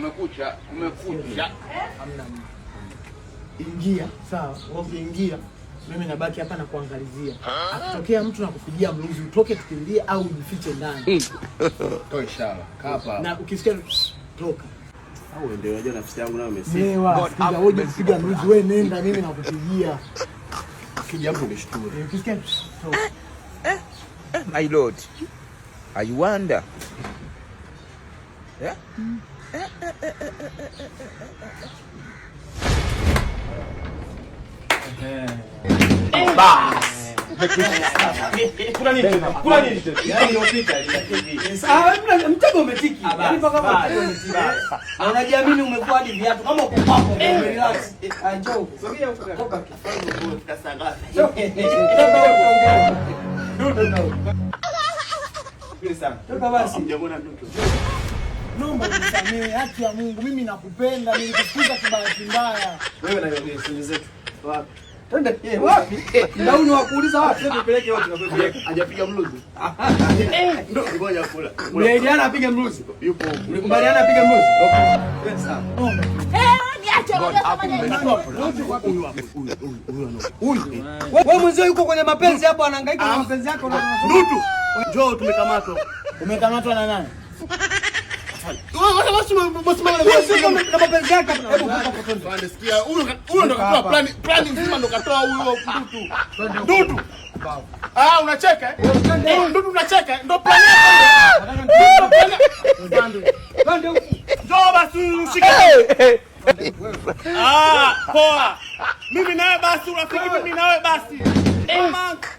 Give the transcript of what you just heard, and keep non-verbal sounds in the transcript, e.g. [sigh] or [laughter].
Kumekucha, kumekucha. Hamna ingia. Sawa, wewe ingia, mimi nabaki hapa na kuangalizia. Akitokea mtu na kupigia mluzi, utoke, tukimbie au ujifiche ndani. [laughs] Toa ishara, kaa hapa na ukisikia toka au ndio unajua nafsi yangu nayo umesema. Sikiza wewe mpiga mluzi wewe nenda mimi nakupigia. Ukija hapo unishtua. Eh, ukisikia toka. Eh, eh, eh, my lord. I wonder. Yeah? Mm. mtego umetiki. Unajiamini umekuwa hadi viatu kama uko Toka basi. Naomba unisamee, haki ya Mungu, mimi nakupenda, nilikufukuza kibahati mbaya. Wewe na yeye simu zetu. Wapi? Twende yeye eh, wapi? Ndauni wakuuliza wapi? Sasa tupeleke wote tunapeleka. Hajapiga mluzi. Eh. Ndio ngoja kula. Mlikubaliana apige mluzi. Yupo. Mlikubaliana apige mluzi. Okay. Sawa. Eh, Wewe mzee yuko kwenye mapenzi hapo anahangaika na ah. mapenzi yako na Njoo tumekamatwa. Umekamatwa na nani? [laughs] Huyo ndo katoa plani nzima, ndo katoa huyo Dudu. Ah, unacheka Dudu, unacheka ndo plani poa. Mimi nawe basi, urafiki mimi nawe basi.